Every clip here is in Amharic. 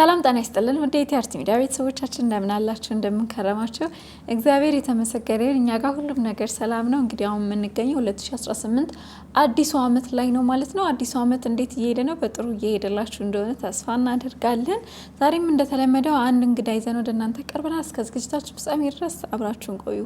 ሰላም ጤና ይስጥልን ውድ የቲአርቲ ሚዲያ ቤተሰቦቻችን እንደምናላችሁ እንደምንከረማችሁ፣ እግዚአብሔር የተመሰገነ ይሁን። እኛ ጋር ሁሉም ነገር ሰላም ነው። እንግዲህ አሁን የምንገኘው 2018 አዲሱ ዓመት ላይ ነው ማለት ነው። አዲሱ ዓመት እንዴት እየሄደ ነው? በጥሩ እየሄደላችሁ እንደሆነ ተስፋ እናደርጋለን። ዛሬም እንደተለመደው አንድ እንግዳ ይዘን ወደ እናንተ ቀርበናል። እስከ ዝግጅታችሁ ፍጻሜ ድረስ አብራችሁን ቆዩ።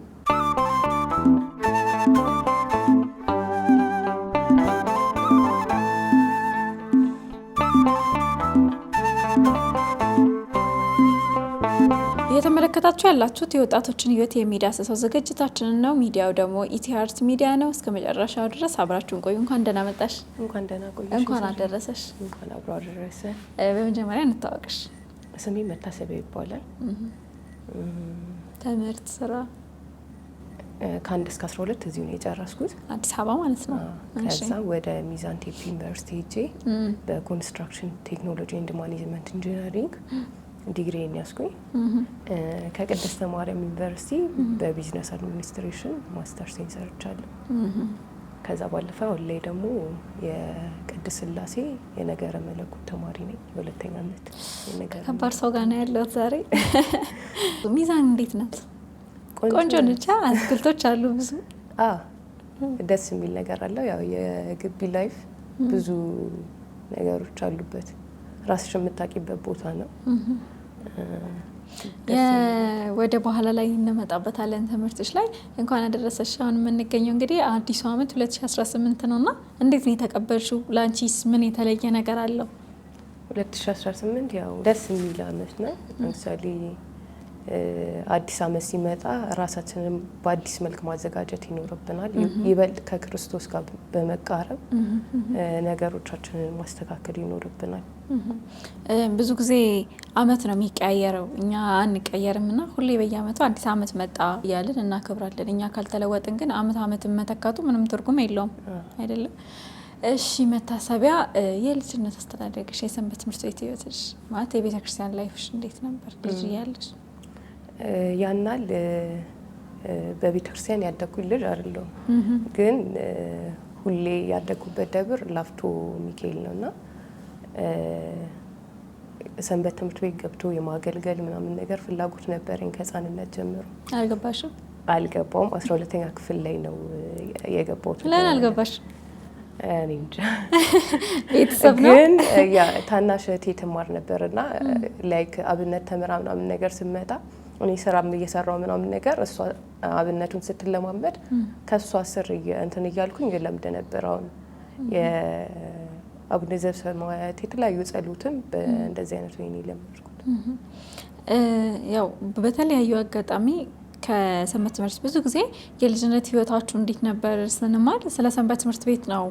እየተመለከታችሁ ያላችሁት የወጣቶችን ህይወት የሚዳስሰው ዝግጅታችንን ነው። ሚዲያው ደግሞ ኢቲአርት ሚዲያ ነው። እስከ መጨረሻው ድረስ አብራችሁን ቆዩ። እንኳን ደህና መጣሽ። እንኳን ደህና ቆየሽ። እንኳን አደረሰሽ። እንኳን አብሮ አደረሰ። በመጀመሪያ እንታወቅሽ። ስሜ መታሰቢያ ይባላል። ትምህርት፣ ስራ ከአንድ እስከ አስራ ሁለት እዚሁ ነው የጨረስኩት አዲስ አበባ ማለት ነው። ከዛ ወደ ሚዛን ቴፕ ዩኒቨርሲቲ ሄጄ በኮንስትራክሽን ቴክኖሎጂ ኤንድ ማኔጅመንት ኢንጂነሪንግ ዲግሪ ያስኩኝ ከቅድስተ ማርያም ዩኒቨርሲቲ በቢዝነስ አድሚኒስትሬሽን ማስተርሴን ሰርቻለሁ። ከዛ ባለፈ አሁን ላይ ደግሞ የቅድስት ስላሴ የነገረ መለኮት ተማሪ ነኝ። የሁለተኛ ዓመት ከባድ ሰው ጋር ነው ያለሁት ዛሬ። ሚዛን እንዴት ናት? ቆንጆ ነች። አትክልቶች አሉ ብዙ ደስ የሚል ነገር አለው። ያው የግቢ ላይፍ ብዙ ነገሮች አሉበት። ራስሽ የምታቂበት ቦታ ነው። ወደ በኋላ ላይ እንመጣበታለን። ትምህርቶች ላይ እንኳን አደረሰሽ። አሁን የምንገኘው እንግዲህ አዲሱ አመት 2018 ነው እና እንዴት ነው የተቀበልሽው? ለአንቺስ ምን የተለየ ነገር አለው? 2018 ያው ደስ የሚል አመት ነው ለምሳሌ አዲስ አመት ሲመጣ ራሳችንን በአዲስ መልክ ማዘጋጀት ይኖርብናል። ይበልጥ ከክርስቶስ ጋር በመቃረብ ነገሮቻችንን ማስተካከል ይኖርብናል። ብዙ ጊዜ አመት ነው የሚቀያየረው፣ እኛ አንቀየርም እና ሁሌ በየአመቱ አዲስ አመት መጣ እያልን እናከብራለን። እኛ ካልተለወጥን ግን አመት ዓመትን መተካቱ ምንም ትርጉም የለውም አይደለም። እሺ መታሰቢያ የልጅነት አስተዳደግሽ፣ የሰንበት ትምህርት ቤት ህይወትሽ፣ ማለት የቤተክርስቲያን ላይፍሽ እንዴት ነበር ልጅ እያለሽ? ያናል በቤተክርስቲያን ያደግኩ ልጅ አይደለሁም፣ ግን ሁሌ ያደግኩበት ደብር ላፍቶ ሚካኤል ነው እና ሰንበት ትምህርት ቤት ገብቶ የማገልገል ምናምን ነገር ፍላጎት ነበረኝ ከህፃንነት ጀምሮ። አልገባሽም? አልገባውም። አስራ ሁለተኛ ክፍል ላይ ነው የገባሁት። ለምን አልገባሽ? እኔ እንጃ። ቤተሰብ ነው ግን ታናሽ እህቴ ትማር ነበርና ላይክ አብነት ተምራ ምናምን ነገር ስመጣ እኔ ስራም እየሰራው ምናምን ነገር እሷ አብነቱን ስትለማመድ ከእሷ ስር እንትን እያልኩኝ የለምድ ነበር። አሁን የአቡነ ዘበሰማያት የተለያዩ ጸሎትም እንደዚህ አይነት ወይኔ ለመድኩት። ያው በተለያዩ አጋጣሚ ከሰንበት ትምህርት ብዙ ጊዜ የልጅነት ህይወታችሁ እንዴት ነበር ስንማል ስለ ሰንበት ትምህርት ቤት ነው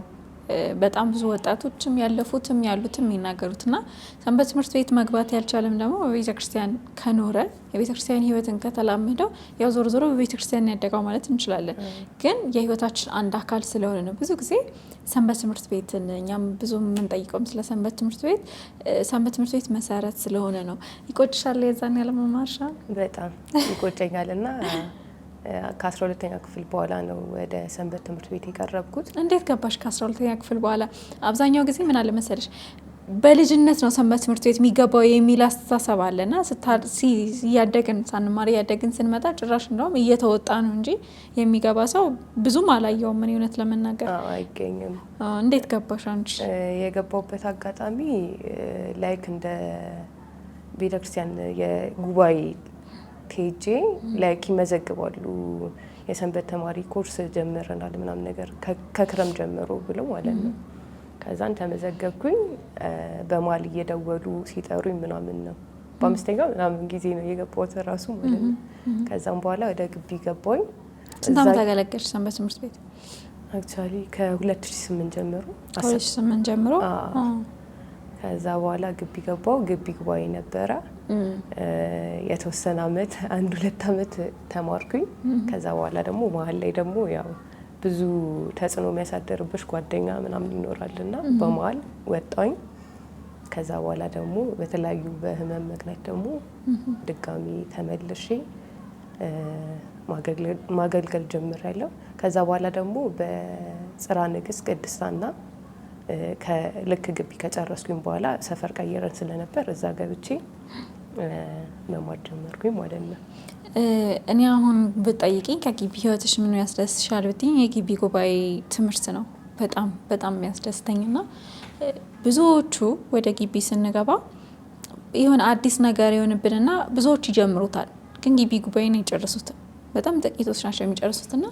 በጣም ብዙ ወጣቶችም ያለፉትም ያሉትም ይናገሩትና ሰንበት ትምህርት ቤት መግባት ያልቻለም ደግሞ በቤተክርስቲያን ከኖረ የቤተክርስቲያን ህይወትን ከተላመደው ያው ዞሮ ዞሮ በቤተክርስቲያን ያደገው ማለት እንችላለን። ግን የህይወታችን አንድ አካል ስለሆነ ነው ብዙ ጊዜ ሰንበት ትምህርት ቤትን እኛም ብዙ የምንጠይቀውም ስለ ሰንበት ትምህርት ቤት ሰንበት ትምህርት ቤት መሰረት ስለሆነ ነው። ይቆጭሻል የዛን ያለመማርሻ በጣም ይቆጨኛልና ከ 12 ክፍል በኋላ ነው ወደ ሰንበት ትምህርት ቤት የቀረብኩት። እንዴት ገባሽ ከ 12 ክፍል በኋላ? አብዛኛው ጊዜ ምን አለ መሰለሽ በልጅነት ነው ሰንበት ትምህርት ቤት የሚገባው የሚል አስተሳሰብ አለና እያደግን ሳንማር እያደግን ስንመጣ ጭራሽ እንደውም እየተወጣ ነው እንጂ የሚገባ ሰው ብዙም አላየውም። ምን እውነት ለመናገር አይገኝም። እንዴት ገባሽ አንቺ? የገባውበት አጋጣሚ ላይክ እንደ ቤተክርስቲያን የጉባኤ ከሄጄ ላይክ ይመዘግባሉ የሰንበት ተማሪ ኮርስ ጀምረናል ምናምን ነገር ከክረም ጀምሮ ብለው ማለት ነው። ከዛን ተመዘገብኩኝ። በማል እየደወሉ ሲጠሩኝ ምናምን ነው በአምስተኛው ምናምን ጊዜ ነው የገባሁት ራሱ ማለት ነው። ከዛም በኋላ ወደ ግቢ ገባኝ ስንታም ዓመት ሰንበት ትምህርት ቤት? አክቹዋሊ ከ2008 ጀምሮ ከ2008 ጀምሮ ከዛ በኋላ ግቢ ገባው። ግቢ ግባይ ነበረ የተወሰነ አመት አንድ ሁለት አመት ተማርኩኝ። ከዛ በኋላ ደግሞ መሀል ላይ ደግሞ ያው ብዙ ተጽዕኖ የሚያሳደርብሽ ጓደኛ ምናምን ይኖራል እና በመሀል ወጣኝ። ከዛ በኋላ ደግሞ በተለያዩ በህመም ምክንያት ደግሞ ድጋሚ ተመልሼ ማገልገል ጀምሬያለሁ። ከዛ በኋላ ደግሞ በጽራ ንግስት ቅድስታና ከልክ ግቢ ከጨረስኩኝ በኋላ ሰፈር ቀይረን ስለነበር እዛ ገብቼ መማር ጀመርኩኝ ማለት ነው። እኔ አሁን ብጠይቅኝ ከግቢ ህይወትሽ ምን ያስደስሻል ብትይኝ የግቢ ጉባኤ ትምህርት ነው በጣም በጣም ና ብዙዎቹ ወደ ግቢ ስንገባ የሆነ አዲስ ነገር የሆንብንና ብዙዎቹ ይጀምሩታል፣ ግን ግቢ ነው አይጨርሱትም። በጣም ጥቂቶች ናቸው ና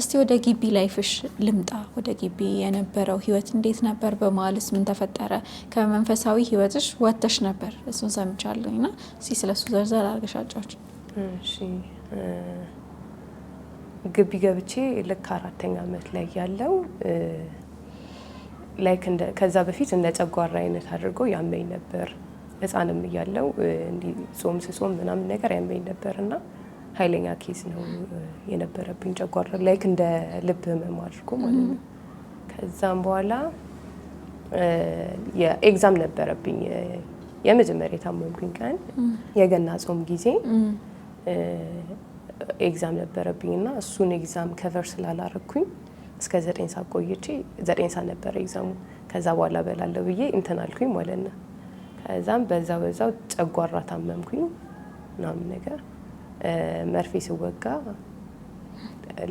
እስቲ ወደ ግቢ ላይፍሽ ልምጣ። ወደ ግቢ የነበረው ህይወት እንዴት ነበር? በመሀልስ ምን ተፈጠረ? ከመንፈሳዊ ህይወትሽ ወጥተሽ ነበር እሱን ሰምቻለሁ። ና እስቲ ስለሱ ዘርዘር አድርገሽ አጫዎች። ግቢ ገብቼ ልክ አራተኛ አመት ላይ ያለው ላይክ ከዛ በፊት እንደ ጨጓራ አይነት አድርጎ ያመኝ ነበር። ህፃንም እያለው እንዲህ ጾም ስጾም ምናምን ነገር ያመኝ ነበር እና ኃይለኛ ኬስ ነው የነበረብኝ ጨጓራ ላይክ እንደ ልብ ህመም አድርጎ ማለት ነው። ከዛም በኋላ የኤግዛም ነበረብኝ የመጀመሪያ የታመምኩኝ ቀን የገና ጾም ጊዜ ኤግዛም ነበረብኝ እና እሱን ኤግዛም ከቨር ስላላረግኩኝ እስከ ዘጠኝ ሰዓት ቆይቼ ዘጠኝ ሰዓት ነበረ ኤግዛሙ። ከዛ በኋላ በላለው ብዬ እንትን አልኩኝ ማለት ነው። ከዛም በዛ በዛው ጨጓራ ታመምኩኝ ምናምን ነገር መርፌ ስወጋ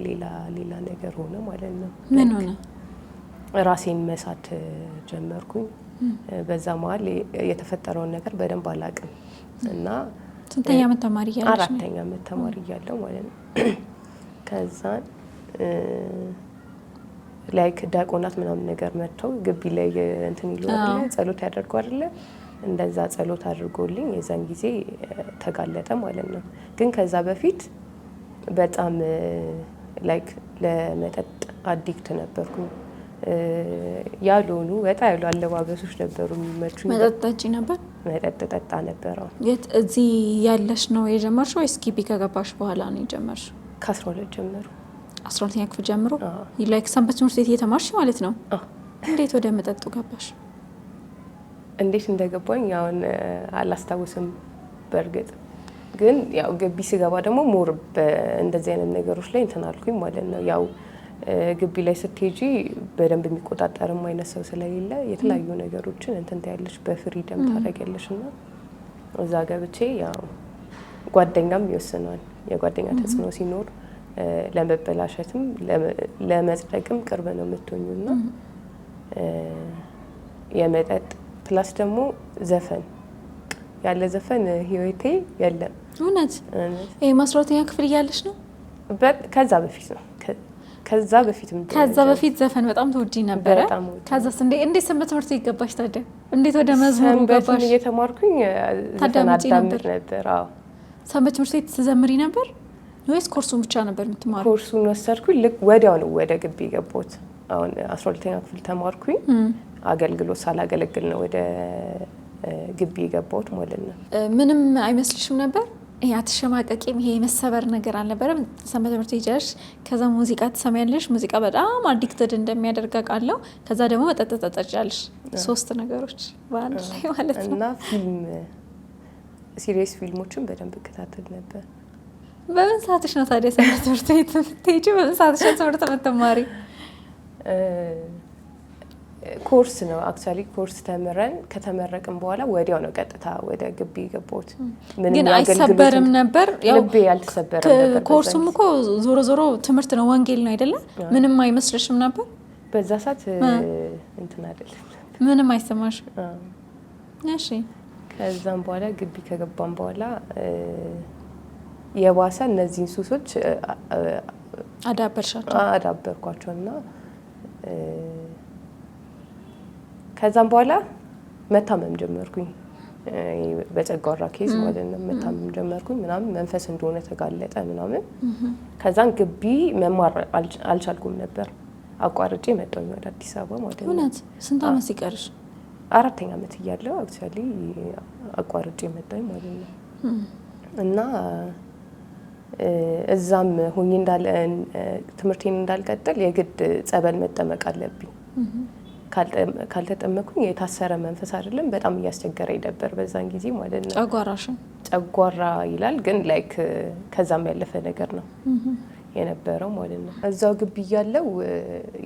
ሌላ ሌላ ነገር ሆነ ማለት ነው። ምን ሆነ? ራሴን መሳት ጀመርኩኝ። በዛ መሀል የተፈጠረውን ነገር በደንብ አላውቅም እና ስንተኛ ዓመት ተማሪ እያለሁ አራተኛ ዓመት ተማሪ እያለሁ ማለት ነው። ከዛን ላይክ ዲያቆናት ምናምን ነገር መጥተው ግቢ ላይ እንትን ይሉ ጸሎት ያደርጉ አይደለ እንደዛ ጸሎት አድርጎልኝ የዛን ጊዜ ተጋለጠ ማለት ነው። ግን ከዛ በፊት በጣም ላይክ ለመጠጥ አዲክት ነበርኩ። ያልሆኑ ወጣ ያሉ አለባበሶች ነበሩ የሚመቹ። መጠጥ ጠጪ ነበር፣ መጠጥ ጠጣ ነበረው። የት እዚህ ያለሽ ነው የጀመርሽ ወይስ ግቢ ከገባሽ በኋላ ነው የጀመርሽ? ከአስራ ሁለት ጀምሮ አስራ ሁለተኛ ክፍል ጀምሮ ላይክ ሰንበት ትምህርት ቤት እየተማርሽ ማለት ነው። እንዴት ወደ መጠጡ ገባሽ? እንዴት እንደገባኝ ያውን አላስታውስም። በእርግጥ ግን ያው ግቢ ስገባ ደግሞ ሞር እንደዚህ አይነት ነገሮች ላይ እንትን አልኩኝ ማለት ነው። ያው ግቢ ላይ ስትሄጂ በደንብ የሚቆጣጠርም አይነት ሰው ስለሌለ የተለያዩ ነገሮችን እንትን ታያለሽ፣ በፍሪደም ታደርጊያለሽ እና እዛ ገብቼ ያው ጓደኛም ይወስነዋል። የጓደኛ ተጽዕኖ ሲኖር ለመበላሸትም ለመጽደቅም ቅርብ ነው የምትሆኙ እና የመጠጥ ፕላስ ደግሞ ዘፈን ያለ ዘፈን ህይወቴ የለም። እውነት ይሄ ማስራተኛ ክፍል እያለች ነው። ከዛ በፊት ነው ከዛ በፊት ከዛ በፊት ዘፈን በጣም ተወዲ ነበረ። ከዛስ እንዴት ሰንበት ትምህርት ይገባሽ ታዲያ? እንዴት ወደ መዝሙሩ ገባሽ? እየተማርኩኝ ዘፈን ነበር ነበር። አዎ ሰንበት ትምህርት ቤት ትዘምሪ ነበር ወይስ ኮርሱን ብቻ ነበር የምትማሩ? ኮርሱን ወሰድኩኝ። ልክ ወዲያው ነው ወደ ግቢ የገባሁት። አሁን አስራ ሁለተኛ ክፍል ተማርኩኝ። አገልግሎት ሳላገለግል ነው ወደ ግቢ የገባሁት ማለት ነው። ምንም አይመስልሽም ነበር? ይሄ አትሸማቀቂም? ይሄ የመሰበር ነገር አልነበረም? ሰንበት ትምህርት ሄጃሽ፣ ከዛ ሙዚቃ ትሰሚያለሽ። ሙዚቃ በጣም አዲክትድ እንደሚያደርግ አውቃለሁ። ከዛ ደግሞ መጠጥ ትጠጫለሽ። ሶስት ነገሮች በአንድ ላይ ማለት ነው። እና ፊልም ሲሪየስ ፊልሞችን በደንብ እከታተል ነበር። በምን ሰዓትሽ ነው ታዲያ ሰንበት ትምህርት ቤት የምትሄጂው? በምን ሰዓትሽ ነው ትምህርት የምትማሪ? ኮርስ ነው አክቹዋሊ ኮርስ ተምረን ከተመረቅን በኋላ ወዲያው ነው ቀጥታ ወደ ግቢ የገባሁት። ግን አይሰበርም ነበር ልቤ ያልተሰበረም ነበር። ኮርሱም እኮ ዞሮ ዞሮ ትምህርት ነው ወንጌል ነው አይደለም። ምንም አይመስልሽም ነበር በዛ ሰዓት እንትን አይደለም ምንም አይሰማሽ። እሺ ከዛም በኋላ ግቢ ከገባም በኋላ የባሰ እነዚህን ሱሶች አዳበርሻቸው አዳበርኳቸውና ከዛም በኋላ መታመም ጀመርኩኝ። በጨጓራ ኬዝ ማለት ነው። መታመም ጀመርኩኝ ምናምን መንፈስ እንደሆነ ተጋለጠ ምናምን። ከዛን ግቢ መማር አልቻልኩም ነበር። አቋርጬ መጣሁኝ ወደ አዲስ አበባ ማለት ነው። እውነት ስንት አመት ሲቀርሽ? አራተኛ አመት እያለሁ አክቹዋሊ አቋርጬ መጣሁኝ ማለት ነው። እና እዛም ሆኜ እንዳለ ትምህርቴን እንዳልቀጥል የግድ ጸበል መጠመቅ አለብኝ ካልተጠመኩኝ የታሰረ መንፈስ አይደለም። በጣም እያስቸገረ ይደበር በዛን ጊዜ ማለት ነው። ጨጓራሽ ጨጓራ ይላል ግን ላይክ ከዛም ያለፈ ነገር ነው የነበረው ማለት ነው። እዛው ግቢ እያለው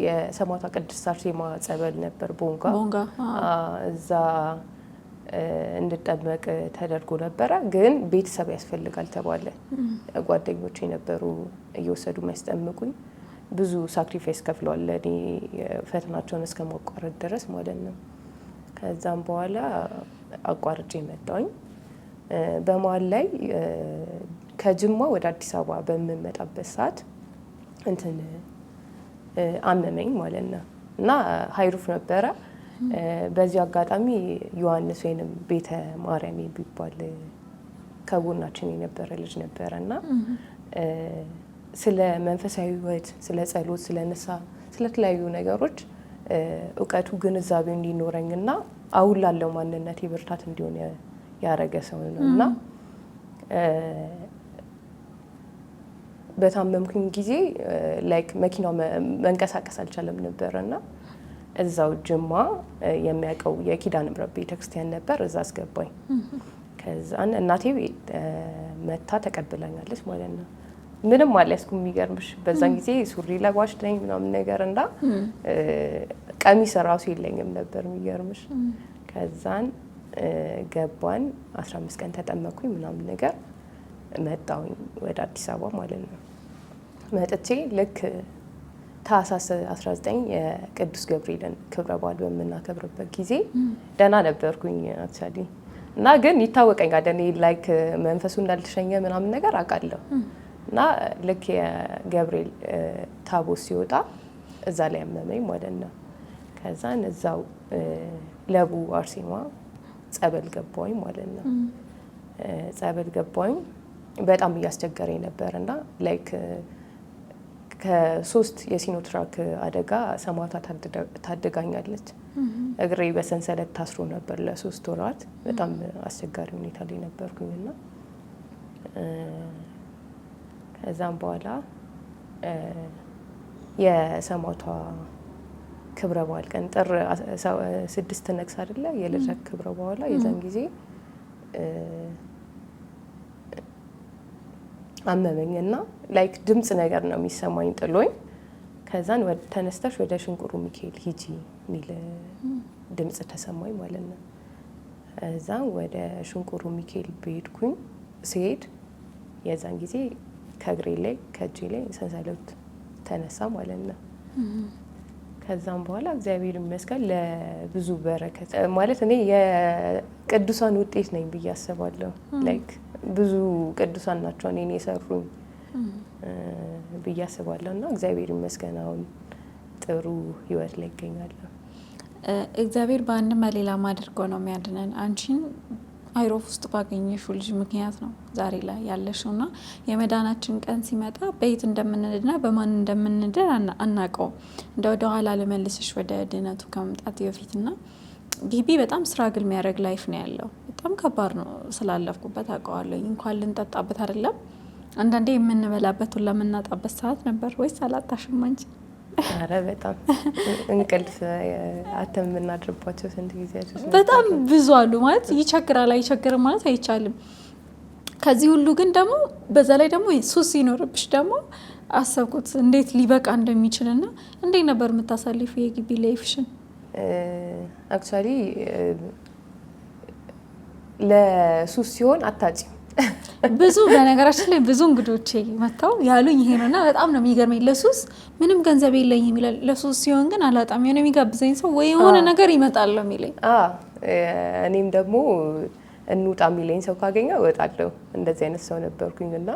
የሰማዕቷ ቅድስት አርሴማ ጸበል ነበር ቦንጋ ቦንጋ እዛ እንድጠመቅ ተደርጎ ነበረ። ግን ቤተሰብ ያስፈልጋል ተባለ። ጓደኞች የነበሩ እየወሰዱ የሚያስጠምቁኝ ብዙ ሳክሪፋይስ ከፍለዋል። ለእኔ ፈተናቸውን እስከ ማቋረጥ ድረስ ማለት ነው። ከዛም በኋላ አቋርጬ መጣውኝ። በመሀል ላይ ከጅማ ወደ አዲስ አበባ በምመጣበት ሰዓት እንትን አመመኝ ማለት ነው እና ሀይሩፍ ነበረ። በዚህ አጋጣሚ ዮሐንስ ወይንም ቤተ ማርያም የሚባል ከጎናችን የነበረ ልጅ ነበረ እና ስለ መንፈሳዊ ህይወት፣ ስለ ጸሎት፣ ስለ ንስሐ፣ ስለተለያዩ ነገሮች እውቀቱ ግንዛቤ እንዲኖረኝና አሁን ላለው ማንነት የብርታት እንዲሆን ያደረገ ሰው ነው እና በታመምኩኝ ጊዜ ላይክ መኪናው መንቀሳቀስ አልቻለም ነበር እና እዛው ጅማ የሚያውቀው የኪዳነ ምሕረት ቤተክርስቲያን ነበር። እዛ አስገባኝ። ከዛን እናቴ መታ ተቀብላኛለች ማለት ነው። ምንም አልያዝኩም። የሚገርምሽ በዛን ጊዜ ሱሪ ለጓሽ ነኝ ምናምን ነገር እና ቀሚስ ራሱ የለኝም ነበር የሚገርምሽ። ከዛን ገባን፣ አስራ አምስት ቀን ተጠመኩኝ ምናምን ነገር መጣውኝ ወደ አዲስ አበባ ማለት ነው። መጥቼ ልክ ታህሳስ 19 የቅዱስ ገብርኤልን ክብረ በዓል በምናከብርበት ጊዜ ደህና ነበርኩኝ አክቹዋሊ እና ግን ይታወቀኛል እኔ ላይክ መንፈሱ እንዳልተሸኘ ምናምን ነገር አውቃለሁ እና ልክ የገብርኤል ታቦ ሲወጣ እዛ ላይ ያመመኝ ማለት ነው። ከዛን እዛው ለቡ አርሴማ ጸበል ገባኝ ማለት ነው። ጸበል ገባኝ በጣም እያስቸገረኝ ነበር እና ላይክ ከሶስት የሲኖትራክ አደጋ ሰማታ ታደጋኛለች። እግሬ በሰንሰለት ታስሮ ነበር ለሶስት ወራት። በጣም አስቸጋሪ ሁኔታ ላይ ነበርኩኝና ከዛም በኋላ የሰማዕቷ ክብረ በዓል ቀን ጥር ስድስት ነግስ አይደለ የልደት ክብረ በኋላ የዛን ጊዜ አመመኝ እና ላይክ ድምፅ ነገር ነው የሚሰማኝ ጥሎኝ ከዛን ተነስተሽ ወደ ሽንቁሩ ሚካኤል ሂጂ የሚል ድምፅ ተሰማኝ ማለት ነው። እዛን ወደ ሽንቁሩ ሚካኤል ብሄድኩኝ ስሄድ የዛን ጊዜ ከእግሬ ላይ ከእጄ ላይ ሰንሰለት ተነሳ ማለት ነው። ከዛም በኋላ እግዚአብሔር ይመስገን ለብዙ በረከት ማለት እኔ የቅዱሳን ውጤት ነኝ ብዬ አስባለሁ። ላይክ ብዙ ቅዱሳን ናቸው እኔን የሰሩኝ ብዬ አስባለሁ እና እግዚአብሔር ይመስገን አሁን ጥሩ ህይወት ላይ ይገኛለሁ። እግዚአብሔር በአንድም በሌላም አድርጎ ነው የሚያድነን አንቺን አይሮፍ ውስጥ ባገኘሽው ልጅ ምክንያት ነው ዛሬ ላይ ያለሽው እና የመዳናችን ቀን ሲመጣ በየት እንደምንድና በማን እንደምንድር አናቀው። እንደ ወደኋላ ልመልስሽ ወደ ድነቱ ከመምጣት በፊት ና ቢቢ በጣም ግል የሚያደርግ ላይፍ ነው ያለው። በጣም ከባድ ነው ስላለፍኩበት አውቀዋለሁ። እንኳን ልንጠጣበት አይደለም አንዳንዴ የምንበላበት ሁላ የምናጣበት ሰዓት ነበር። ወይስ አላጣሽም አንቺ? አረ በጣም እንቅልፍ አተም የምናድርባቸው ስንት በጣም ብዙ አሉ። ማለት ይቸግራል አይቸግርም ማለት አይቻልም። ከዚህ ሁሉ ግን ደግሞ በዛ ላይ ደግሞ ሱስ ሲኖርብሽ ደግሞ አሰብኩት እንዴት ሊበቃ እንደሚችል ና እንዴት ነበር የምታሳልፉ የግቢ ላይፍሽን? አክቹዋሊ ለሱስ ሲሆን አታጭም ብዙ በነገራችን ላይ ብዙ እንግዶቼ መጥተው ያሉኝ ይሄ ነውእና በጣም ነው የሚገርመኝ። ለሱስ ምንም ገንዘብ የለኝም ይላል። ለሱስ ሲሆን ግን አላጣም። የሆነ የሚጋብዘኝ ሰው ወይ የሆነ ነገር ይመጣል ነው የሚለኝ። እኔም ደግሞ እንውጣ የሚለኝ ሰው ካገኘ እወጣለሁ። እንደዚህ አይነት ሰው ነበርኩኝ እና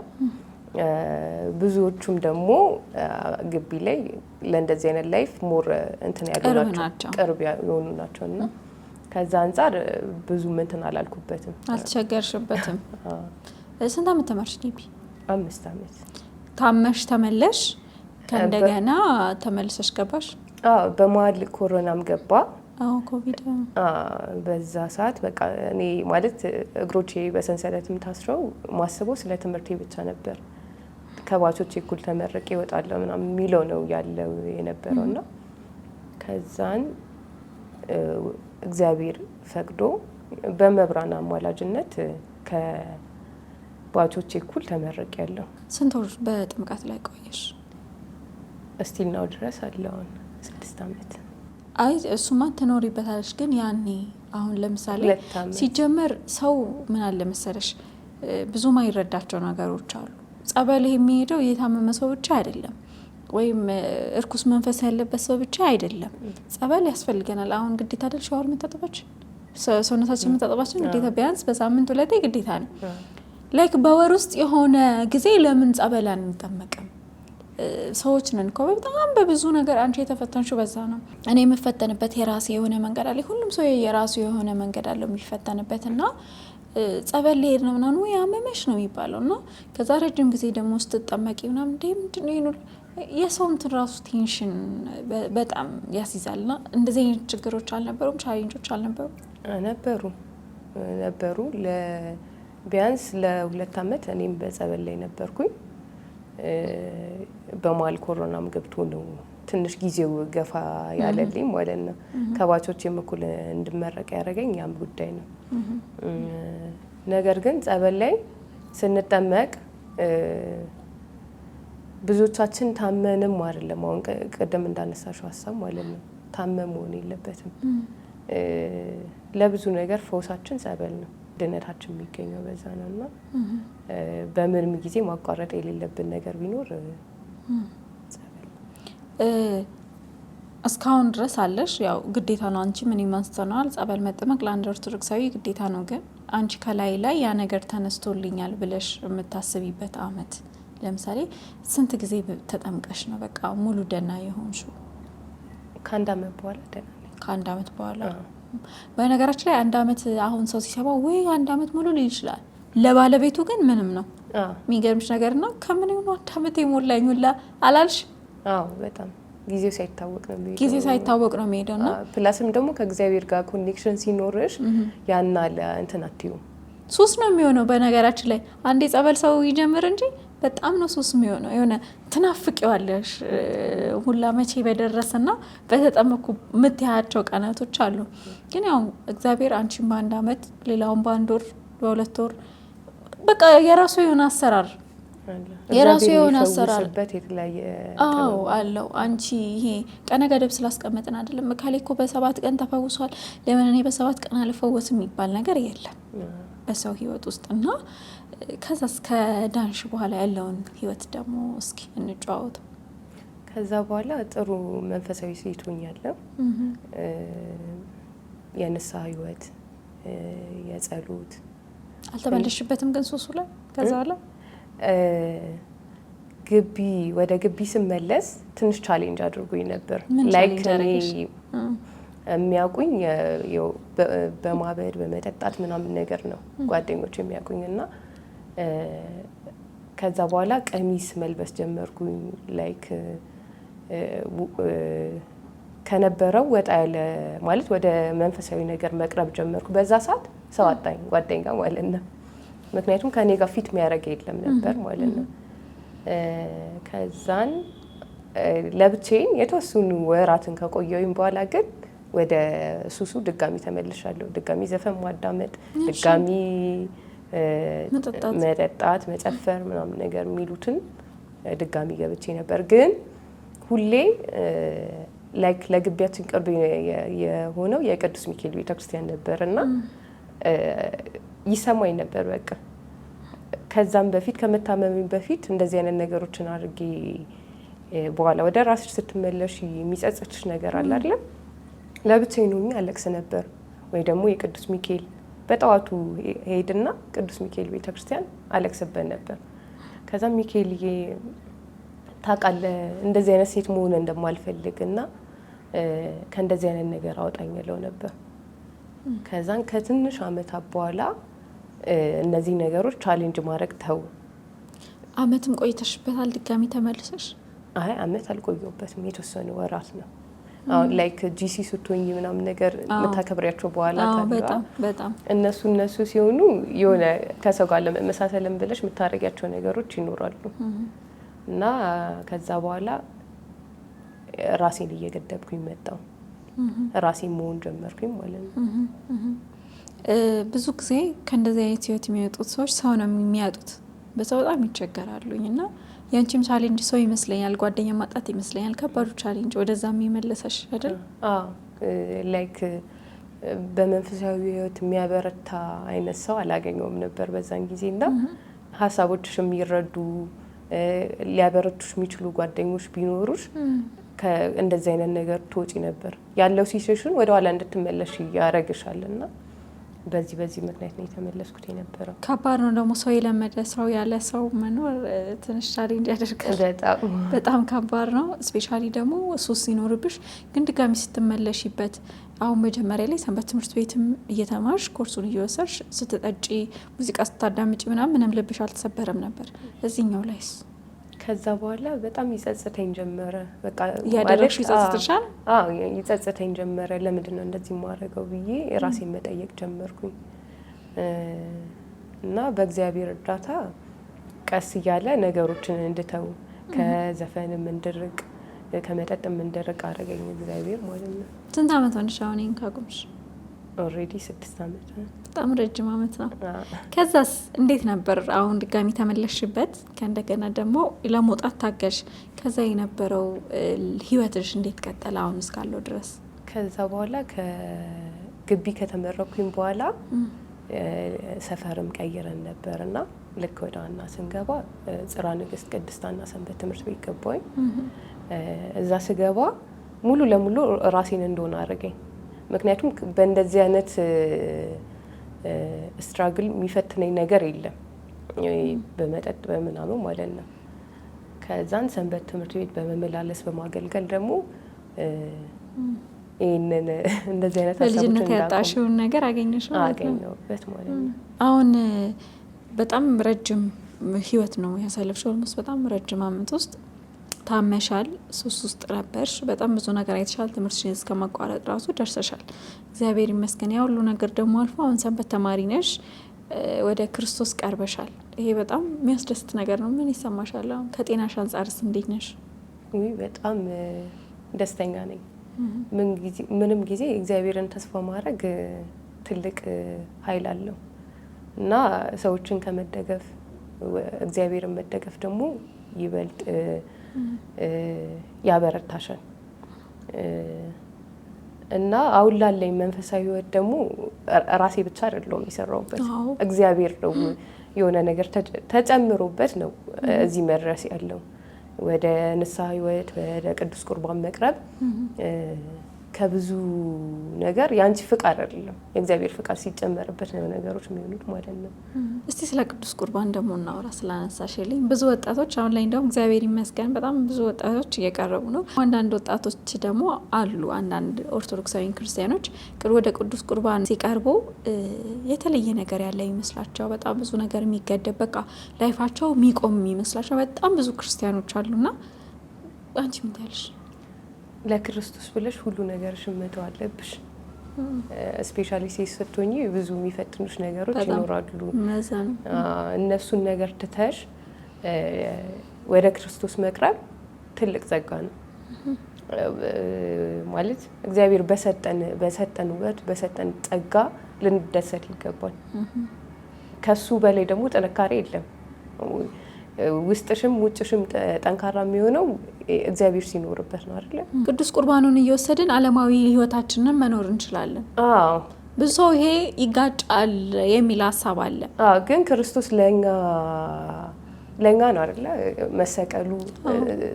ብዙዎቹም ደግሞ ግቢ ላይ ለእንደዚህ አይነት ላይፍ ሞር እንትን ያሉ ቅርብ የሆኑ ናቸው እና ከዛ አንጻር ብዙ ምንትን አላልኩበትም፣ አልተቸገርሽበትም። ስንት አመት ተማርሽ ዲቢ? አምስት አመት። ታመሽ ተመለሽ፣ ከእንደገና ተመልሰሽ ገባሽ። በመሀል ኮሮናም ገባ ኮቪድ። በዛ ሰዓት በቃ እኔ ማለት እግሮቼ በሰንሰለትም ታስረው ማስበው ስለ ትምህርቴ ብቻ ነበር። ከባቾች እኩል ተመረቅ ይወጣለሁ ምናምን የሚለው ነው ያለው የነበረውና ከዛን እግዚአብሔር ፈቅዶ በመብራን አሟላጅነት ከባቾች እኩል ተመረቅ ያለው። ስንት ወር በጥምቀት ላይ ቆየሽ? እስቲል ናው ድረስ አለውን ስድስት አመት። አይ እሱማ ትኖሪበታለሽ። ግን ያኔ አሁን ለምሳሌ ሲጀመር ሰው ምን አለ መሰለሽ ብዙ ማይረዳቸው ነገሮች አሉ። ጸበል የሚሄደው የታመመ ሰው ብቻ አይደለም ወይም እርኩስ መንፈስ ያለበት ሰው ብቻ አይደለም፣ ጸበል ያስፈልገናል። አሁን ግዴታ አይደል ሸዋር መታጠባችን ሰውነታችን መታጠባችን ግዴታ ቢያንስ በሳምንት ሁለቴ ግዴታ ነው። ላይክ በወር ውስጥ የሆነ ጊዜ ለምን ጸበል አንጠመቅም? ሰዎች ነን እኮ በጣም በብዙ ነገር። አንቺ የተፈተንሽው በዛ ነው። እኔ የምፈተንበት የራሴ የሆነ መንገድ አለ። ሁሉም ሰው የራሱ የሆነ መንገድ አለው የሚፈተንበት እና ጸበል ሊሄድ ነው ምናምን ያመመሽ ነው የሚባለው እና ከዛ ረጅም ጊዜ ደግሞ ስትጠመቂ ምናምን እንዴ ምንድን ነው የሰው እንትን ራሱ ቴንሽን በጣም ያስይዛል ና እንደዚህ አይነት ችግሮች አልነበሩም? ቻሌንጆች አልነበሩም? ነበሩ ነበሩ። ቢያንስ ለሁለት አመት እኔም በጸበል ላይ ነበርኩኝ። በመሀል ኮሮናም ገብቶ ነው ትንሽ ጊዜው ገፋ ያለልኝ ማለት ነው። ከባቾችም እኩል እንድመረቅ ያደረገኝ ያም ጉዳይ ነው። ነገር ግን ጸበል ላይ ስንጠመቅ ብዙዎቻችን ታመንም አይደለም አሁን ቀደም እንዳነሳሽው ሀሳብ ማለት ነው ታመም መሆን የለበትም። ለብዙ ነገር ፈውሳችን ጸበል ነው። ድነታችን የሚገኘው በዛ ነው እና በምንም ጊዜ ማቋረጥ የሌለብን ነገር ቢኖር እስካሁን ድረስ አለሽ። ያው ግዴታ ነው አንቺ ምን ይመስተነዋል? ጸበል መጠመቅ ለአንድ ኦርቶዶክሳዊ ግዴታ ነው። ግን አንቺ ከላይ ላይ ያ ነገር ተነስቶልኛል ብለሽ የምታስቢበት አመት ለምሳሌ ስንት ጊዜ ተጠምቀሽ ነው በቃ ሙሉ ደና የሆንሽው? ከአንድ አመት በኋላ ደና ነኝ። ከአንድ አመት በኋላ በነገራችን ላይ አንድ አመት አሁን ሰው ሲሰባ ወይ አንድ አመት ሙሉ ሊል ይችላል። ለባለቤቱ ግን ምንም ነው የሚገርምሽ ነገር ነው። ከምን ሆኑ አንድ አመት የሞላኝ ሁላ አላልሽ? በጣም ጊዜው ሳይታወቅ ነው የሚሄደው። ጊዜ ሳይታወቅ ነው የሚሄደው እና ፕላስም ደግሞ ከእግዚአብሔር ጋር ኮኔክሽን ሲኖርሽ ያና ለእንትን አትዩም ሶስት ነው የሚሆነው። በነገራችን ላይ አንድ የጸበል ሰው ይጀምር እንጂ በጣም ነው ሱስ የሚሆነው። የሆነ ትናፍቂዋለሽ ሁላ መቼ በደረሰና በተጠመኩ የምትያቸው ቀናቶች አሉ። ግን ያው እግዚአብሔር አንቺን በአንድ አመት ሌላውን በአንድ ወር በሁለት ወር በቃ የራሱ የሆነ አሰራር የራሱ የሆነ አሰራር አዎ አለው። አንቺ ይሄ ቀነ ገደብ ስላስቀመጥን አይደለም። እካሌ እኮ በሰባት ቀን ተፈውሷል፣ ለምን እኔ በሰባት ቀን አልፈወስ የሚባል ነገር የለም በሰው ህይወት ውስጥ እና ከዛ እስከ ዳንሽ በኋላ ያለውን ህይወት ደግሞ እስኪ እንጨዋወተው። ከዛ በኋላ ጥሩ መንፈሳዊ ሴት ሆኛለሁ። የንስሐ ህይወት የጸሎት አልተመለሽበትም ግን ሱሱ ላይ ከዛ በኋላ ግቢ ወደ ግቢ ስመለስ ትንሽ ቻሌንጅ አድርጎኝ ነበር። ላይክ የሚያውቁኝ በማበድ በመጠጣት ምናምን ነገር ነው ጓደኞች የሚያውቁኝ እና ከዛ በኋላ ቀሚስ መልበስ ጀመርኩኝ። ላይክ ከነበረው ወጣ ያለ ማለት ወደ መንፈሳዊ ነገር መቅረብ ጀመርኩ። በዛ ሰዓት ሰው አጣኝ ጓደኛ ማለት ነው። ምክንያቱም ከእኔ ጋር ፊት የሚያደርግ የለም ነበር ማለት ነው። ከዛን ለብቼን የተወሰኑ ወራትን ከቆየሁኝ በኋላ ግን ወደ ሱሱ ድጋሚ ተመልሻለሁ። ድጋሚ ዘፈን ማዳመጥ ድጋሚ መጠጣት፣ መጨፈር ምናምን ነገር የሚሉትን ድጋሚ ገብቼ ነበር። ግን ሁሌ ላይክ ለግቢያችን ቅርብ የሆነው የቅዱስ ሚካኤል ቤተክርስቲያን ነበር እና ይሰማኝ ነበር በቃ ከዛም በፊት ከመታመሚ በፊት እንደዚህ አይነት ነገሮችን አድርጌ በኋላ ወደ ራስሽ ስትመለሽ የሚጸጸትሽ ነገር አለ አይደለም። ለብቻዬ ነው አለቅስ ነበር ወይ ደግሞ የቅዱስ ሚካኤል በጠዋቱ ሄድና ቅዱስ ሚካኤል ቤተክርስቲያን አለቅስበት ነበር። ከዛም ሚካኤልዬ ታውቃለህ እንደዚህ አይነት ሴት መሆን እንደማልፈልግ እና ከእንደዚህ አይነት ነገር አውጣኝ ነበር። ከዛን ከትንሽ አመታት በኋላ እነዚህ ነገሮች ቻሌንጅ ማድረግ ተው። አመትም ቆይተሽበታል ድጋሚ ተመልሰሽ? አይ አመት አልቆየሁበትም የተወሰኑ ወራት ነው። ላይክ ጂሲ ስትሆኝ ምናምን ነገር የምታከብሪያቸው በኋላ እነሱ እነሱ ሲሆኑ የሆነ ከሰው ጋር ለመመሳሰልም ብለሽ የምታደርጊያቸው ነገሮች ይኖራሉ እና ከዛ በኋላ ራሴን እየገደብኩኝ መጣው ራሴን መሆን ጀመርኩኝ ማለት ነው። ብዙ ጊዜ ከእንደዚህ አይነት ህይወት የሚወጡት ሰዎች ሰው ነው የሚያጡት፣ በሰው በጣም ይቸገራሉኝ እና ያንቺም ቻሌንጅ ሰው ይመስለኛል፣ ጓደኛ ማጣት ይመስለኛል ከባዱ ቻሌንጅ። ወደዛ የሚመለሰሽ አይደል? ላይክ በመንፈሳዊ ህይወት የሚያበረታ አይነት ሰው አላገኘውም ነበር በዛን ጊዜ እና ሀሳቦችሽ የሚረዱ ሊያበረቱሽ የሚችሉ ጓደኞች ቢኖሩሽ እንደዚህ አይነት ነገር ትወጪ ነበር። ያለው ሲሽሽን ወደኋላ እንድትመለሽ ያረግሻል እና በዚህ በዚህ ምክንያት ነው የተመለስኩት የነበረው። ከባድ ነው ደግሞ ሰው የለመደ ሰው ያለ ሰው መኖር ትንሽ ቻሌንጅ ያደርጋል። በጣም ከባድ ነው። ስፔሻሊ ደግሞ ሱስ ሲኖርብሽ ግን ድጋሚ ስትመለሽበት አሁን መጀመሪያ ላይ ሰንበት ትምህርት ቤትም እየተማርሽ ኮርሱን እየወሰድሽ ስትጠጪ ሙዚቃ ስታዳምጪ ምናምን ምንም ልብሽ አልተሰበረም ነበር። እዚህኛው ላይስ ከዛ በኋላ በጣም ይጸጽተኝ ጀመረ። ያደረግሽ ይጸጽትሻል? አዎ ይጸጽተኝ ጀመረ። ለምንድን ነው እንደዚህ የማደርገው ብዬ ራሴን መጠየቅ ጀመርኩኝ። እና በእግዚአብሔር እርዳታ ቀስ እያለ ነገሮችን እንድተው ከዘፈንም እንድርቅ ከመጠጥም እንድርቅ አደረገኝ እግዚአብሔር ማለት ነው። ስንት አመት ሆንሽ አሁን ይህን ካቆምሽ? ኦልሬዲ ስድስት አመት ነው። በጣም ረጅም ዓመት ነው። ከዛስ እንዴት ነበር? አሁን ድጋሚ ተመለሽበት፣ ከእንደገና ደግሞ ለመውጣት ታገሽ። ከዛ የነበረው ህይወትሽ እንዴት ቀጠለ? አሁን እስካለው ድረስ ከዛ በኋላ ከግቢ ከተመረኩኝ በኋላ ሰፈርም ቀይረን ነበር እና ልክ ወደ ዋና ስንገባ ጽራ ንግስት ቅድስታና ሰንበት ትምህርት ቤት ገባኝ። እዛ ስገባ ሙሉ ለሙሉ ራሴን እንደሆነ አድርገኝ። ምክንያቱም በእንደዚህ አይነት ስትራግል የሚፈትነኝ ነገር የለም በመጠጥ በምናምን ማለት ነው። ከዛን ሰንበት ትምህርት ቤት በመመላለስ በማገልገል ደግሞ ይህንን እንደዚህ አይነት በልጅነት ያጣሽውን ነገር አገኘሽ አገኘሁበት ማለት ነው። አሁን በጣም ረጅም ህይወት ነው ያሳለፍሽው። ኦልሞስት በጣም ረጅም አመት ውስጥ ታመሻል፣ ሱስ ውስጥ ነበርሽ፣ በጣም ብዙ ነገር አይተሻል፣ ትምህርትሽን እስከ ማቋረጥ ራሱ ደርሰሻል። እግዚአብሔር ይመስገን፣ ያ ሁሉ ነገር ደግሞ አልፎ አሁን ሰንበት ተማሪ ነሽ፣ ወደ ክርስቶስ ቀርበሻል። ይሄ በጣም የሚያስደስት ነገር ነው። ምን ይሰማሻል? አሁን ከጤናሽ አንጻርስ እንዴት ነሽ? በጣም ደስተኛ ነኝ። ምንም ጊዜ እግዚአብሔርን ተስፋ ማድረግ ትልቅ ኃይል አለው እና ሰዎችን ከመደገፍ እግዚአብሔርን መደገፍ ደግሞ ይበልጥ ያበረታሻል። እና አሁን ላለኝ መንፈሳዊ ህይወት ደግሞ ራሴ ብቻ አይደለሁም የሰራሁበት፣ እግዚአብሔር ነው የሆነ ነገር ተጨምሮበት ነው እዚህ መድረስ ያለው ወደ ንስሐ ህይወት ወደ ቅዱስ ቁርባን መቅረብ ከብዙ ነገር የአንቺ ፍቃድ አይደለም የእግዚአብሔር ፍቃድ ሲጨመርበት ነው ነገሮች የሚሆኑት ማለት ነው። እስቲ ስለ ቅዱስ ቁርባን ደግሞ እናውራ ስላነሳሽልኝ። ብዙ ወጣቶች አሁን ላይ እንደውም እግዚአብሔር ይመስገን በጣም ብዙ ወጣቶች እየቀረቡ ነው። አንዳንድ ወጣቶች ደግሞ አሉ አንዳንድ ኦርቶዶክሳዊ ክርስቲያኖች ወደ ቅዱስ ቁርባን ሲቀርቡ የተለየ ነገር ያለ ይመስላቸው በጣም ብዙ ነገር የሚገደብ በቃ ላይፋቸው የሚቆም ይመስላቸው በጣም ብዙ ክርስቲያኖች አሉና አንቺ ምን ለክርስቶስ ብለሽ ሁሉ ነገርሽን መተው አለብሽ። ስፔሻሊ ሴት ስትሆኚ ብዙ የሚፈትኑሽ ነገሮች ይኖራሉ። እነሱን ነገር ትተሽ ወደ ክርስቶስ መቅረብ ትልቅ ጸጋ ነው ማለት እግዚአብሔር በሰጠን በሰጠን ውበት በሰጠን ጸጋ ልንደሰት ይገባል። ከሱ በላይ ደግሞ ጥንካሬ የለም። ውስጥሽም ውጭሽም ጠንካራ የሚሆነው እግዚአብሔር ሲኖርበት ነው አይደለ? ቅዱስ ቁርባኑን እየወሰድን አለማዊ ህይወታችንን መኖር እንችላለን። ብዙ ሰው ይሄ ይጋጫል የሚል ሀሳብ አለ። ግን ክርስቶስ ለእኛ ለእኛ ነው አይደለ? መሰቀሉ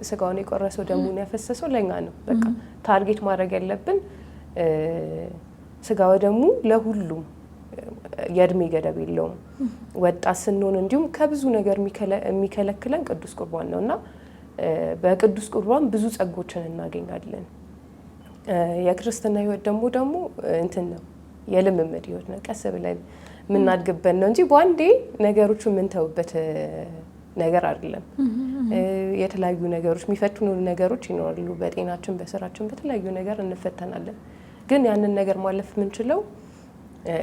ስጋውን የቆረሰው ደሙን ያፈሰሰው ለእኛ ነው። በቃ ታርጌት ማድረግ ያለብን ስጋ ወደሙ ለሁሉም የእድሜ ገደብ የለውም። ወጣት ስንሆን እንዲሁም ከብዙ ነገር የሚከለክለን ቅዱስ ቁርባን ነው እና በቅዱስ ቁርባን ብዙ ጸጎችን እናገኛለን። የክርስትና ህይወት ደግሞ ደግሞ እንትን ነው የልምምድ ህይወት ነው። ቀስ ብለን የምናድግበት ነው እንጂ በአንዴ ነገሮቹ የምንተውበት ነገር አይደለም። የተለያዩ ነገሮች የሚፈትኑ ነገሮች ይኖራሉ። በጤናችን፣ በስራችን፣ በተለያዩ ነገር እንፈተናለን። ግን ያንን ነገር ማለፍ የምንችለው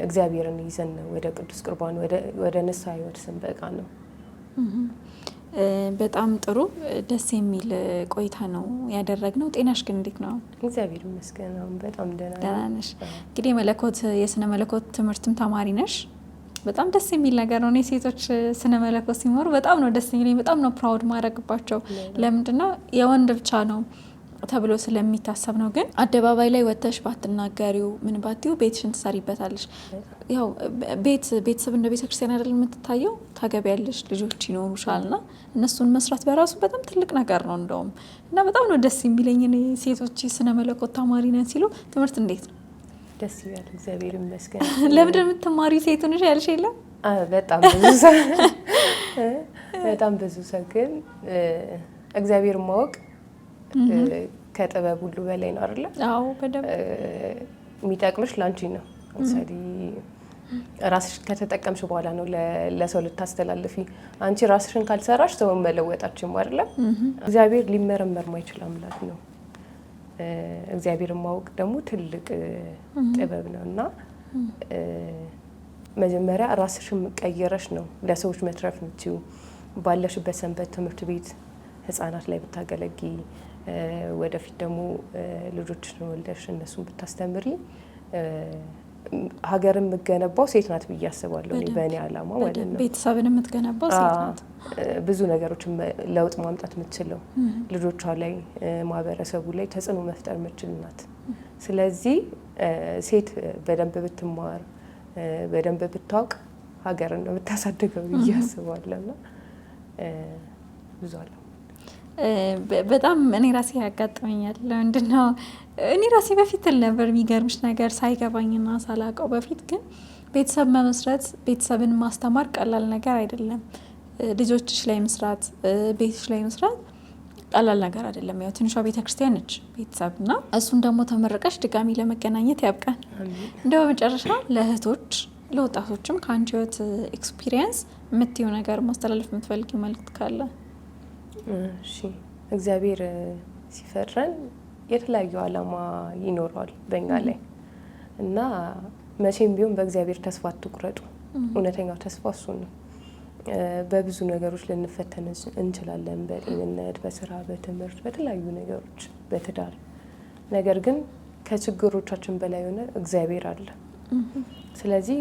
እግዚአብሔርን ይዘን ነው ወደ ቅዱስ ቁርባን ወደ ንስሐ ይወድስን በቃ ነው። በጣም ጥሩ ደስ የሚል ቆይታ ነው ያደረግነው። ጤናሽ ግን እንዴት ነው? እግዚአብሔር ይመስገን በጣም ደህና ነሽ። እንግዲህ መለኮት የስነ መለኮት ትምህርትም ተማሪ ነሽ። በጣም ደስ የሚል ነገር ነው። እኔ ሴቶች ስነ መለኮት ሲኖሩ በጣም ነው ደስ የሚለኝ፣ በጣም ነው ፕራውድ ማድረግባቸው። ለምንድን ነው የወንድ ብቻ ነው ተብሎ ስለሚታሰብ ነው። ግን አደባባይ ላይ ወተሽ ባትናገሪው ምን ባትይው ቤትሽን ትሰሪበታለሽ። ያው ቤት ቤተሰብ እንደ ቤተክርስቲያን አይደል የምትታየው። ታገቢያለሽ፣ ልጆች ይኖሩሻል ና እነሱን መስራት በራሱ በጣም ትልቅ ነገር ነው እንደውም እና በጣም ነው ደስ የሚለኝ እኔ ሴቶች ስነ መለኮት ተማሪ ነን ሲሉ ትምህርት እንዴት ነው ደስ ይላል። እግዚአብሔር ይመስገን። ለምንድን ነው ሴት ያልሽ የለም በጣም ብዙ ሰው በጣም ብዙ ሰው ግን እግዚአብሔር ማወቅ ከጥበብ ሁሉ በላይ ነው አይደለ? አዎ በደምብ የሚጠቅምሽ ላንቺ ነው። ለምሳሌ ራስሽ ከተጠቀምሽ በኋላ ነው ለሰው ልታስተላልፊ። አንቺ ራስሽን ካልሰራሽ ሰውን መለወጣችም አይደለ? እግዚአብሔር ሊመረመር ማይችል አምላክ ነው። እግዚአብሔር ማወቅ ደግሞ ትልቅ ጥበብ ነው እና መጀመሪያ ራስሽን ቀይረሽ ነው ለሰዎች መትረፍ ምትዩ። ባለሽበት ሰንበት ትምህርት ቤት ህጻናት ላይ ብታገለጊ ወደፊት ደግሞ ልጆችን ወልደሽ እነሱን ብታስተምሪ ሀገርን የምገነባው ሴት ናት ብዬ አስባለሁ። በእኔ አላማ ማለት ነው። ቤተሰብን የምትገነባው ሴት ናት። ብዙ ነገሮች ለውጥ ማምጣት የምትችለው ልጆቿ ላይ፣ ማህበረሰቡ ላይ ተጽዕኖ መፍጠር የምችል ናት። ስለዚህ ሴት በደንብ ብትማር፣ በደንብ ብታውቅ ሀገርን ነው የምታሳድገው ብዬ አስባለሁ እና ብዙ አለው በጣም እኔ ራሴ ያጋጥመኛል። ምንድን ነው እኔ ራሴ በፊት ል ነበር የሚገርምሽ ነገር ሳይገባኝና ሳላውቀው በፊት ግን ቤተሰብ መመስረት ቤተሰብን ማስተማር ቀላል ነገር አይደለም። ልጆችሽ ላይ መስራት፣ ቤትሽ ላይ መስራት ቀላል ነገር አይደለም። ያው ትንሿ ቤተክርስቲያን ነች ቤተሰብ እና እሱን ደግሞ ተመረቀሽ ድጋሚ ለመገናኘት ያብቃል እንደ በመጨረሻ ለእህቶች ለወጣቶችም ከአንቺ ህይወት ኤክስፒሪየንስ የምትይው ነገር ማስተላለፍ የምትፈልግ መልዕክት ካለ እሺ እግዚአብሔር ሲፈጥረን የተለያዩ ዓላማ ይኖረዋል በኛ ላይ እና መቼም ቢሆን በእግዚአብሔር ተስፋ አትቁረጡ። እውነተኛው ተስፋ እሱ ነው። በብዙ ነገሮች ልንፈተን እንችላለን፣ በጤንነት፣ በስራ፣ በትምህርት፣ በተለያዩ ነገሮች፣ በትዳር። ነገር ግን ከችግሮቻችን በላይ የሆነ እግዚአብሔር አለ። ስለዚህ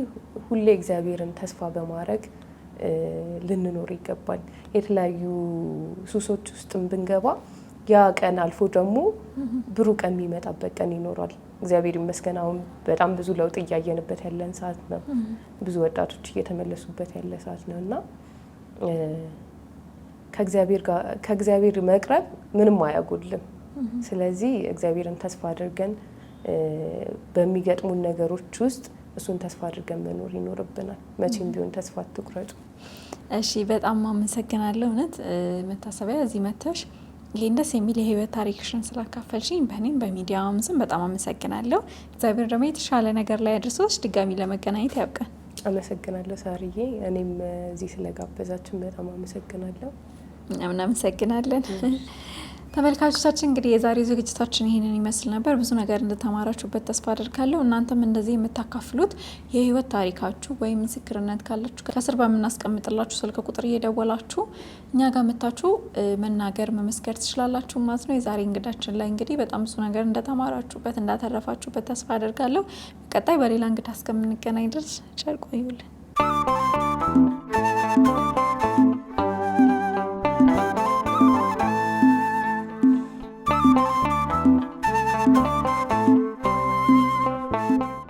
ሁሌ እግዚአብሔርን ተስፋ በማድረግ ልንኖር ይገባል። የተለያዩ ሱሶች ውስጥም ብንገባ ያ ቀን አልፎ ደግሞ ብሩ ቀን የሚመጣበት ቀን ይኖራል። እግዚአብሔር ይመስገን አሁን በጣም ብዙ ለውጥ እያየንበት ያለን ሰዓት ነው። ብዙ ወጣቶች እየተመለሱበት ያለ ሰዓት ነው እና ከእግዚአብሔር መቅረብ ምንም አያጎልም። ስለዚህ እግዚአብሔርን ተስፋ አድርገን በሚገጥሙን ነገሮች ውስጥ እሱን ተስፋ አድርገን መኖር ይኖርብናል። መቼም ቢሆን ተስፋ አትቁረጡ። እሺ፣ በጣም አመሰግናለሁ። እውነት መታሰቢያ እዚህ መተሽ ይህን ደስ የሚል የህይወት ታሪክሽን ስላካፈልሽኝ በእኔም በሚዲያም ስም በጣም አመሰግናለሁ። እግዚአብሔር ደግሞ የተሻለ ነገር ላይ አድርሶች ድጋሚ ለመገናኘት ያብቃን። አመሰግናለሁ ሳርዬ፣ እኔም እዚህ ስለጋበዛችን በጣም አመሰግናለሁ። ምናመሰግናለን። ተመልካቾቻችን እንግዲህ የዛሬው ዝግጅታችን ይህንን ይመስል ነበር። ብዙ ነገር እንደተማራችሁበት ተስፋ አድርጋለሁ። እናንተም እንደዚህ የምታካፍሉት የህይወት ታሪካችሁ ወይም ምስክርነት ካላችሁ ከስር በምናስቀምጥላችሁ ስልክ ቁጥር እየደወላችሁ እኛ ጋር መታችሁ መናገር መመስከር ትችላላችሁ ማለት ነው። የዛሬ እንግዳችን ላይ እንግዲህ በጣም ብዙ ነገር እንደተማራችሁበት እንዳተረፋችሁበት ተስፋ አድርጋለሁ። በቀጣይ በሌላ እንግዳ እስከምንገናኝ ድረስ ቸር ቆዩልን።